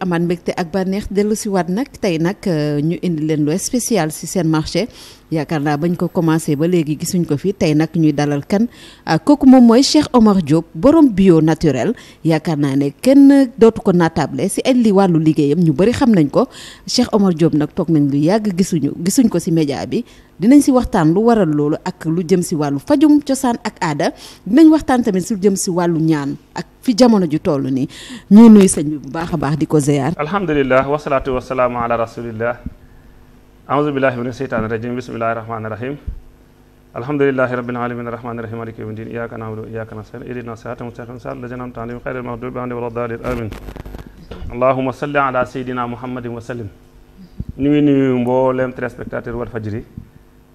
amaat mbégte ak bànneex dellu si waat nag tey nag euh, ñu indi leen lu spécial si seen marché yaakaar naa bañ ko commencé ba léegi gisuñ ko fii tey nag ñuy dalal kan euh, kooku moom mooy Cheikh Omar Diop borom bio naturel yaakaar naa ne kenn dootu ko naatable si ay li wàllu liggéeyam ñu bari xam nañ ko Cheikh Omar jóob nag toog nañ lu yàgg gisuñu gisuñ ko si média bi dinañ si waxtaan lu waral loolu ak lu jëm si wàllu fajum cosaan ak aada dinañ waxtaan tamit si jëm si wàllu ñaan ak fi jamono ju toll nii ñuy nuyu sëñ bi bu baax a baax di ko ziyaar alhamdulilah wasalaatu wasalaamu ala rasulillah aousubillahi mina sheytaani rajim bismillahi rahmaani rahim alhamdulilahi rabbil alamin rahmaani rahim maliki yawmi din iyyaka na'budu wa iyyaka nasta'in salli ala sayyidina muhammadin wa sallim ñu ngi nuyu mboolem téléspectateur Walfadjri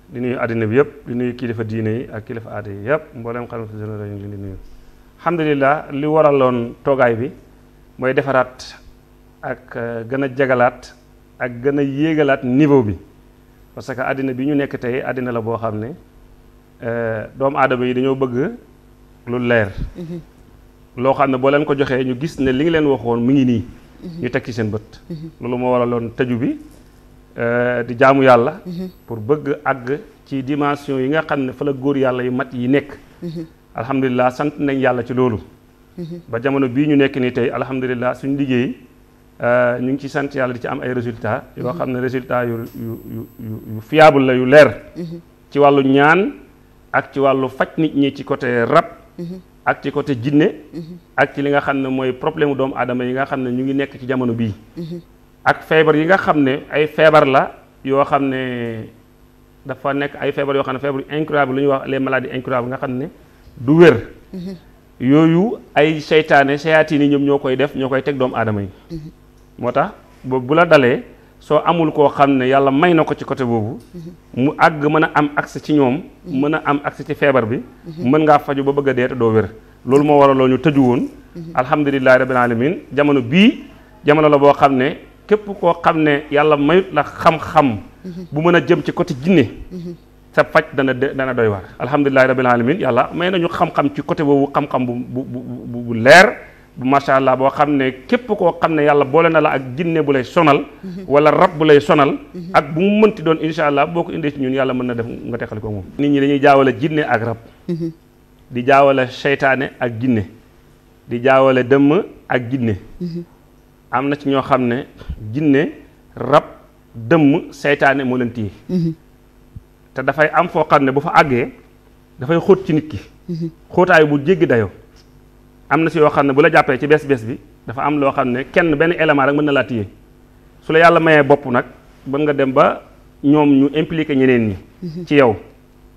di nuyu àddina bi yëpp di nuy kilifa diine yi ak kilifa aada yi yëpp mbooleem alhamdulilah li waraloon toogaay bi mooy defaraat ak euh, gën a jagalaat ak gën a yéegalaat niveau bi parce que àddina bi ñu nekk tey àddina la boo xam ne euh, doomu aadama yi dañoo bëgg lu leer mhm. loo xam ne boo leen ko joxee ñu gis ne li nga leen waxoon mu ngi nii mhm. ñu teg ci seen bët mhm. loolu moo waraloon tëju bi euh, di jaamu yàlla pour bëgg àgg ci dimension yi nga xam ne fa la góor yàlla yu mat yi nekk alhamdulilah sant nañ yàlla ci loolu mhm. ba jamono bii ñu nekk ni tey alhamdulilah suñu liggéey euh, ñu ngi ci sant yàlla di ci am ay résultat mhm. yoo xam ne résultat yu yu yu fiable la yu leer mhm. ci wàllu ñaan ak ci wàllu faj nit ñi ci côté rab ak ci côté jinne ak ci li nga xam ne mooy problème doomu aadama yi nga xam ne ñu ngi nekk ci jamono bii ak feebar yi nga xam ne ay feebar la yoo xam ne dafa nekk ay feebar yoo xam ne feebar incurable lu ñuy wax les maladies nga xam ne du wér mhm. yooyu ay seytaane seyaatiin yi ñoom ñoo koy def ñoo koy teg doomu aadama yi mhm. moo tax boobu bu la dalee soo amul koo xam ne yàlla may na ko ci côté boobu mhm. mu àgg mën a am accès ci ñoom mën a am accès ci feebar bi mën ngaa faju ba bëgg a dee te doo wér loolu moo waraloo ñu tëju woon alhamdulilahi rabbil alamin jamono bii jamono la boo xam ne képp koo xam ne yàlla mayut la xam-xam bu mën a jëm ci côté jinne sa faj dana dana doy waar alhamdulilahi rabbil alamin yàlla may nañu xam-xam ci côté boobu xam-xam bu bu bu leer bu macha allah boo xam ne képp koo xam ne yàlla boole na la ak jinne bu lay sonal mhm. wala rab bu lay sonal mhm. ak bu mu mënti doon insha allah boo ko indee ci ñun yàlla mën na def nga teqal ko moom nit ñi dañuy jaawale jinne ak rab mhm. di jaawale seytaane ak jinne di jaawale dëmm ak jinne am na ci ñoo xam ne jinne rab dëmm seytaane moo leen te dafay am foo xam ne bu fa àggee dafay xóot ci nit ki mhm. xóotaay bu jéggi dayoo am na si yoo xam ne bu la jàppee ci bees bees bi dafa am loo xam ne kenn benn élément rek mën na laa téye su la yàlla mayee bopp nag mën nga dem ba ñoom ñu impliqué ñeneen ñi mhm. ci yow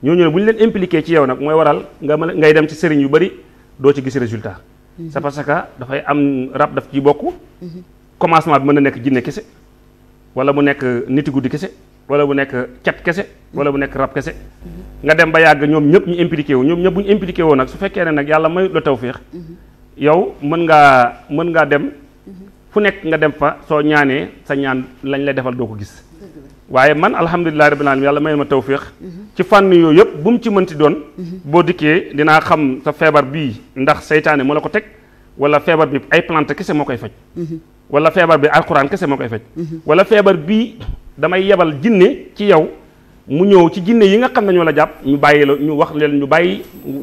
ñoo ne bu ñu leen impliqué ci yow nag mooy waral nga mën ngay dem ci sëriñ yu bari doo ci gis résultat mhm. c'est parce que dafay am rab daf ciy bokk commencement bi mën na nekk jinne kese wala mu nekk niti guddi kese wala bu nekk cat kese mm-hmm. wala bu nekk rab kese nga dem ba yàgg ñoom ñëpp ñu impliqué wu ñoom ñëpp bu ñu impliqué woo nag su fekkee ne nag yàlla may la tawféex mm-hmm. yow mën ngaa mën ngaa dem mm-hmm. fu nekk nga dem fa soo ñaanee sa ñaan lañ lay defal doo ko gis waaye man alhamdulilah rabbil alamin yàlla may ma tawféex ci fànn yooyu yëpp bu mu ci mën mënti doon boo dikkee dinaa xam sa feebar bii ndax seytaane mu la ko teg wala feebar bi ay plante kese moo koy faj feebar bi alxuraan kese moo koy faj damay yebal jinne ci yow mu ñëw ci jinne yi nga xam nañoo la jàpp ñu bàyyi la ñu wax leen ñu bàyyi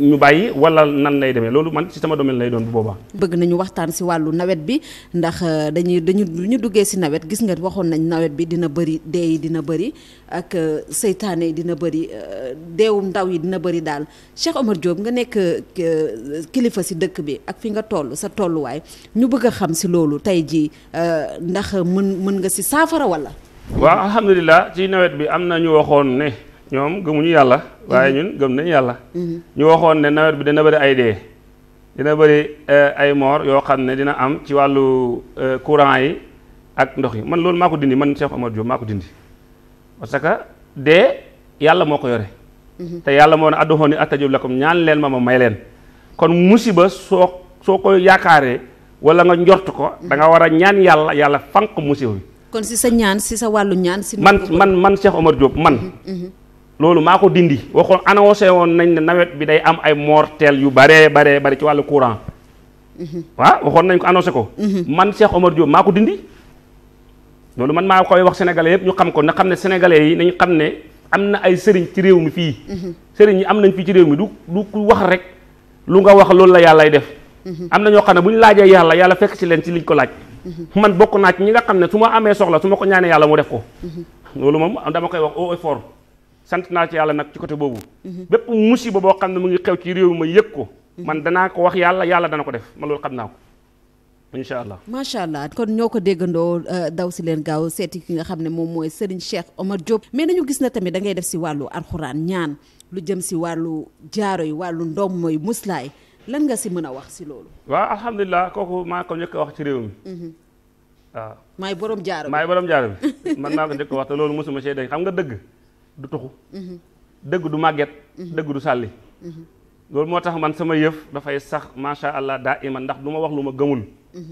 ñu bàyyi wala nan lay demee loolu man ci sama domaine lay doon bu boobaa. bëgg nañu waxtaan si wàllu nawet bi ndax euh, dañuy dañu ñu duggee si nawet gis nga waxoon nañ nawet bi dina bëri dee yi dina bëri ak euh, seytaane dina bëri euh, deewum ndaw yi dina bëri daal Cheikh Omar Diop nga nekk kilifa si dëkk bi ak fi nga toll sa tolluwaay ñu bëgg a xam si loolu tey jii ndax mën mën nga si saafara wala. waaw alhamdulillah ci nawet bi am na ñu waxoon ne ñoom gëmuñu yàlla waaye mhm. ñun gëm nañ yàlla mhm. ñu waxoon ne nawet bi dina bëri ay dee dina bëri eh, ay moor yoo xam ne dina am ci wàllu eh, courant yi ak ndox yi man loolu maa ko dindi man Cheikh Omar Diop maa ko dindi parce que dee yàlla moo ko yore mhm. te yàlla moo ne adduhooni astajib lakum ñaan leen ma ma may leen kon musiba soo soo ko yaakaaree wala nga njort ko da nga war a ñaan yàlla yàlla fànq musiba bi kon si sa ñaan si sa wàllu ñaan. si man man man Cheikh Omar jóob man. loolu maa ko dindi waxoon annoncé woon nañ ne nawet bi day am ay mortel yu baree baree bare ci wàllu courant. waaw waxoon nañ ko annoncé ko. man Cheikh Omar Diop maa ko dindi. loolu man maa koy wax sénégalais yëpp ñu xam ko na xam ne sénégalais yi nañu xam ne am na ay sëriñ ci réew mi fii. sëriñ yi am nañ fii ci réew mi du du ku wax rek lu nga wax loolu la yàlla yàllay def. am na ñoo xam ne bu ñu laajee yàlla yàlla fekk ci leen ci liñ ko laaj. man bokk naa ci ñi nga xam ne su ma amee soxla su ma ko ñaanee yàlla mu def ko loolu moom dama koy wax au effort sant naa ci yàlla nag ci côté boobu bépp musiba boo xam ne mu ngi xew ci réew ma yëg ko man danaa ko wax yàlla yàlla dana ko def ma loolu xam naa ko incha allah macha allah kon ñoo ko déggandoo euh, daw si leen gaaw seeti ki nga xam ne moom mooy Serigne Cheikh Omar Diop. mais nañu gis na tamit da ngay def si wàllu alxuraan ñaan lu jëm si wàllu jaaro yi wàllu ndoom mooy muslaay lan nga si mën a wax si loolu. waaw alhamdulilah kooku maa ko njëkk a wax ci réew mi. Mhm. waaw maay borom jaaro bi maay borom jaaro bi man naa ko njëkk a wax te loolu mosuma see dañ xam nga dëgg du tuxu. Mhm. dëgg du màgget. Mhm. dëgg du sàlli. loolu moo tax man sama yëf dafay sax macha allah daa iman ndax du ma wax lu ma gëmul.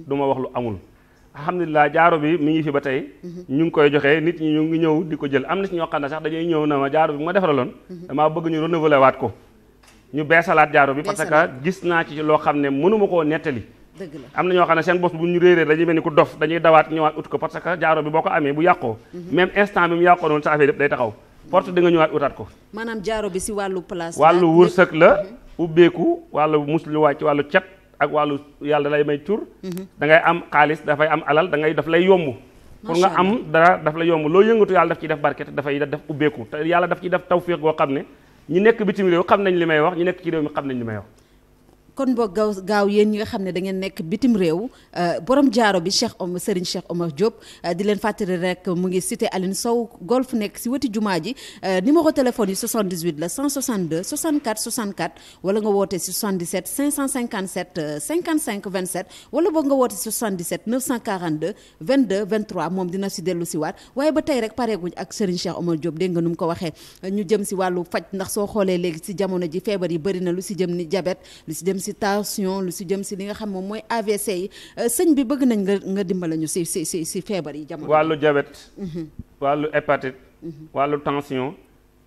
du ma wax lu amul. alhamdulilah jaaro bi mi ngi fi ba tey. ñu ngi koy joxe nit ñi ñu ngi ñëw di ko jël am na si ñoo xam ne sax dañuy ñëw na ma jaaro bi ma defaraloon. damaa bëgg ñu renouveler waat ko. ñu beesalaat jaaro bi parce que gis naa ci loo xam ne mënuma koo nettali dëgg la am na ñoo xam ne seen bopp bu ñu réeree dañuy mel ni ku dof dañuy dawaat ñëwaat ut ko parce que jaaro bi boo ko amee bu yàqoo mhm. même instant bi mu yàqoo noonu sa affaire yëpp day taxaw porte di nga ñëwaat utaat ko maanaam jaaro bi si wàllu place wàllu wërsëg la mhm. ubbeeku wàllu muslu wàcc wàllu cet ak wàllu yàlla lay may tur mhm. dangay am xaalis dafay am alal da ngay daf lay yomb pour nga am dara daf la yomb loo yëngatu yàlla daf ciy def barke te dafay def ubbeeku te yàlla daf ciy def tawféex goo xam ne ñi nekk bitim réew xam nañ li may wax ñi nekk ci réew mi xam nañ li may wax kon boo gaaw gaaw yéen ñi nga xam ne da ngeen nekk bitim réew euh, borom jaaro bi Cheikh Omar Serigne Cheikh Omar euh, di leen fàttali rek mu ngi cité Aline Sow golf nekk si wetu jumaa ji euh, numéro téléphone yi 78 la 162 64 64 wala nga woote si 77 557 55 27 wala boog nga woote si 77 942 22 moom dina si dellu si waat waaye ba tey rek pareeguñ ak Serigne Cheikh Omar Diop dégg nga nu mu ko waxee ñu jëm si wàllu faj ndax soo xoolee léegi si jamono ji feebar yi bëri na lu si jëm ni jabet lu si jëm si si tension lu si jëm si li nga xam moom mooy AVC yi euh, sëñ bi bëgg nañ nga nga dimbala ñu si si si si feebar yi jamono wàllu diabète mhm. wàllu hépatite mhm. wàllu tension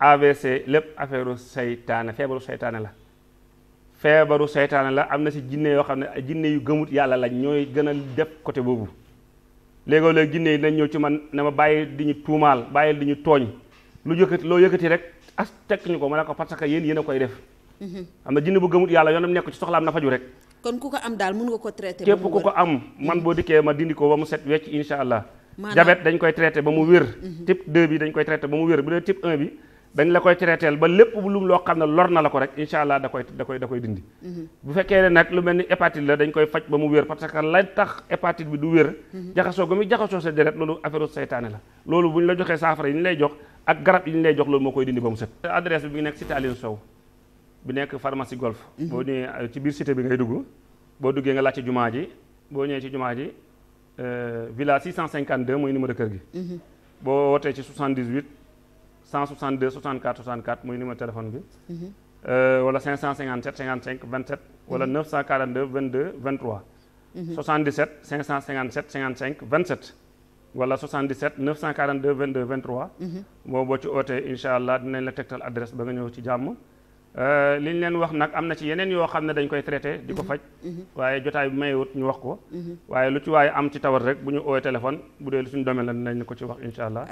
AVC lépp affaireu seytaane feebaru seytaane la feebaru seytaane la am na si jinne yoo xam ne jinne yu gëmut yàlla lañ ñooy gën a def côté boobu léegoo léegi jinne yi nañ ñëw ci man na ma bàyyi di ñu tuumaal bàyyi di ñu tooñ lu yëkkati loo yëkkati rek as tekk ñu ko ma a ko parce que yéen yéen a koy def Mm-hmm. am na jinne bu gëmut yàlla yoonam nekk ci soxlaam na faju rek kon ku ko am daal mun ko traité képp mu set wecc mm-hmm. bi mu da koy da koy da koy dindi mm-hmm. bu fekkee ne nag lu mel ni hépatite la dañ koy faj ba mu wér parce que lay tax hépatite bi du wér jaxasoo gu nekk cité Aline Sow bi nekk pharmacie golf mhm. boo ñëwee euh, ci biir cité bi ngay dugg boo duggee nga laajte jumaa ji boo ñëwee ci jumaa ji euh, villa 652 mooy numéro kër gi mhm. boo wootee ci 78 162 64 64 mooy numéro téléphone bi mhm. euh, wala 557 55 27 wala 942 22 23 77 557 55 27 wala 77 942 22 23 boo boo ci ootee incha allah dinañ la tegtal adresse ba nga ñëw ci jàmm Euh, li ñu leen wax nag am na ci yeneen yoo xam ne dañ koy traité di ko mhm. faj mhm. waaye jotaay bi mayewut ñu wax ko mhm. waaye lu ci waaye am ci tawat rek bu ñu oowee téléphone bu dee lu suñu domaine la nañ ko ci wax incha allah